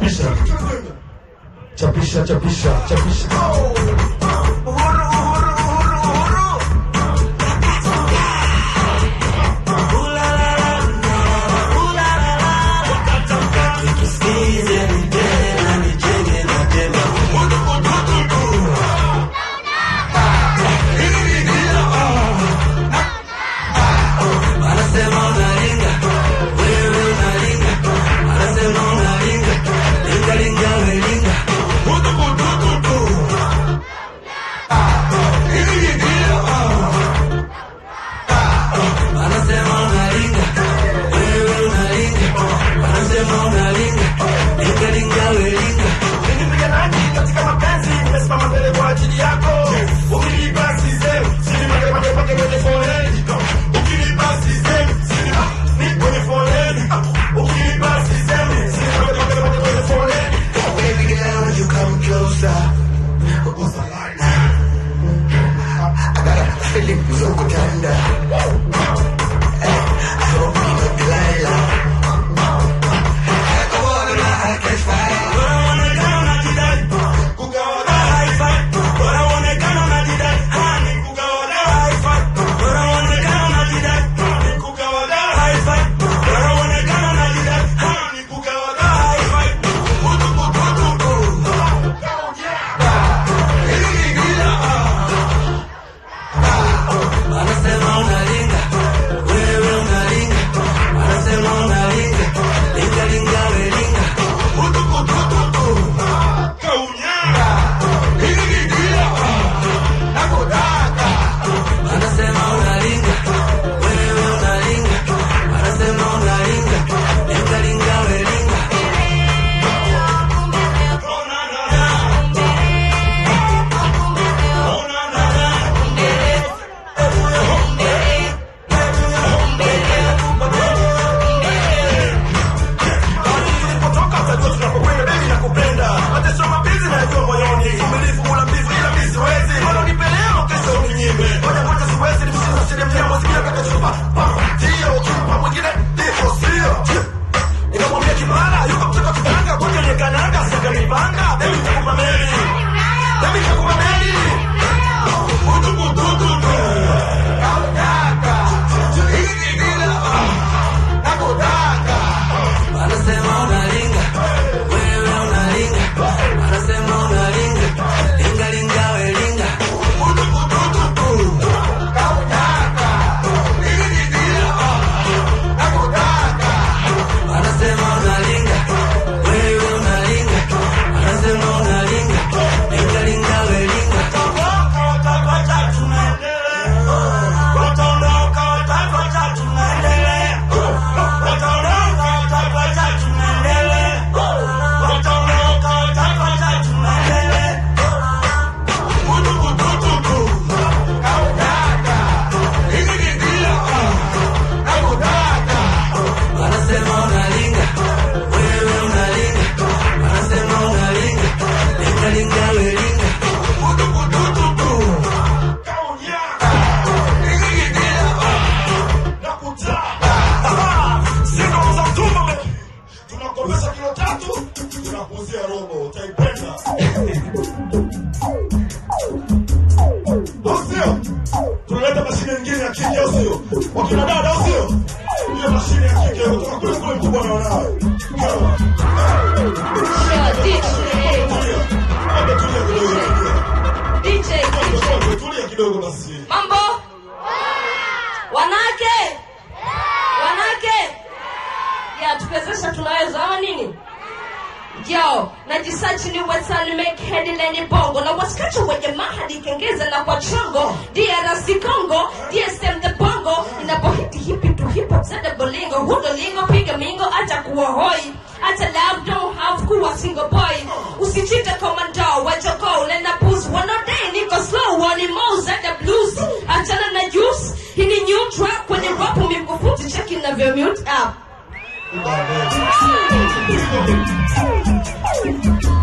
chapisha chapisha chapisha chapisha Let me talk about that. Msajili wa Salmek Headline Bongo na wasichana wenye mahali kengeza na kwa chongo DRC Congo DSM the Bongo inapohiti hipi tu hipo zada bolingo hundo lingo piga mingo hata kuwa hoi hata love don't have kuwa single boy usichite komando wa joko lena booze one day niko slow one mouse zada blues achana na juice hii ni new track kwenye rapu mimi kufuti check inavyo mute up Thank you.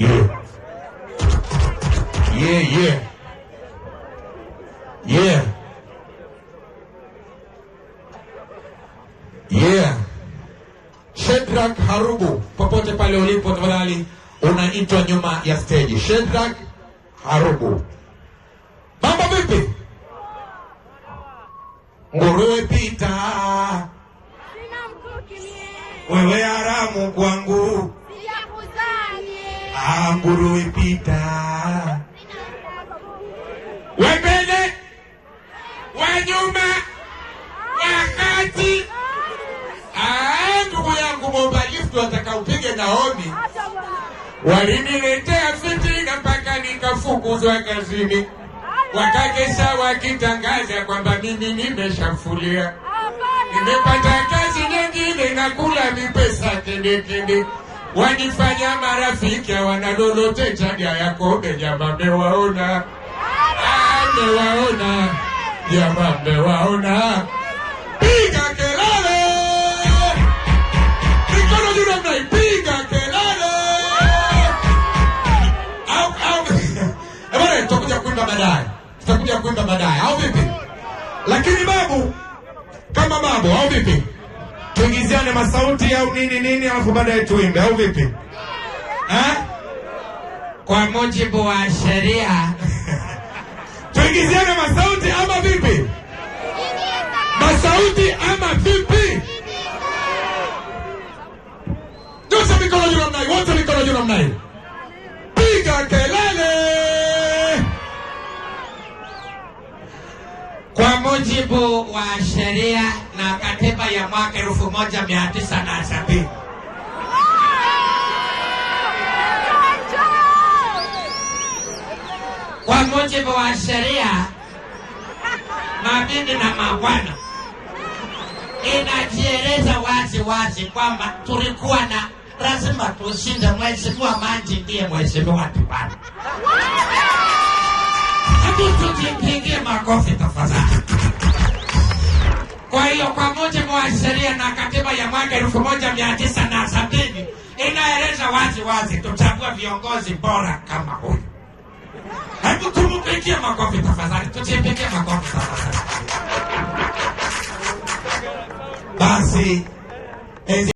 Yeah. Yeah, yeah. Yeah. Yeah. Harubu, popote pale ulipo tafadhali unaitwa nyuma ya stage. Shadrach Harubu. Mambo vipi? Nguruwe pita. Wewe haramu kwangu. Nguruwe pita wa na wa wakati ndugu yangu mobalistu watakaupige naoni waliniletea fitina mpaka nikafukuzwa kazini wakakesha wakitangaza kwamba mimi nimeshafulia nimepata kazi nyingine nakula mipesa kendekende wanifanya marafiki, wanadorote chaga yako jamaa, mmewaona ah, mmewaona, jamaa mmewaona, piga kelele, mikono juu namna, piga kelele au au tutakuja kuimba baadaye, tutakuja kuimba baadaye au vipi? Lakini babu kama babu au vipi? tuingiziane masauti au nini nini, alafu baadaye tuimbe au vipi Kwa mujibu wa sheria tuingiziane masauti ama vipi? Masauti ama vipi? Nyosha mikono juu namna hii, wote mikono juu namna hii, piga kelele. Kwa mujibu wa sheria na katiba ya mwaka elfu moja mia tisa na sabini kwa mujibu wa sheria mabibi na mabwana, inajieleza wazi wazi kwamba tulikuwa na lazima tushinde. Mheshimiwa Manji ndiye mheshimiwa Kibaki. Hebu tujipigie makofi tafadhali moja wa sheria na katiba ya mwaka elfu moja mia tisa na sabini inaeleza wazi wazi, tutachagua viongozi bora kama huyu. Hebu tumpigie makofi tafadhali, tujipigie makofi tafadhali. Basi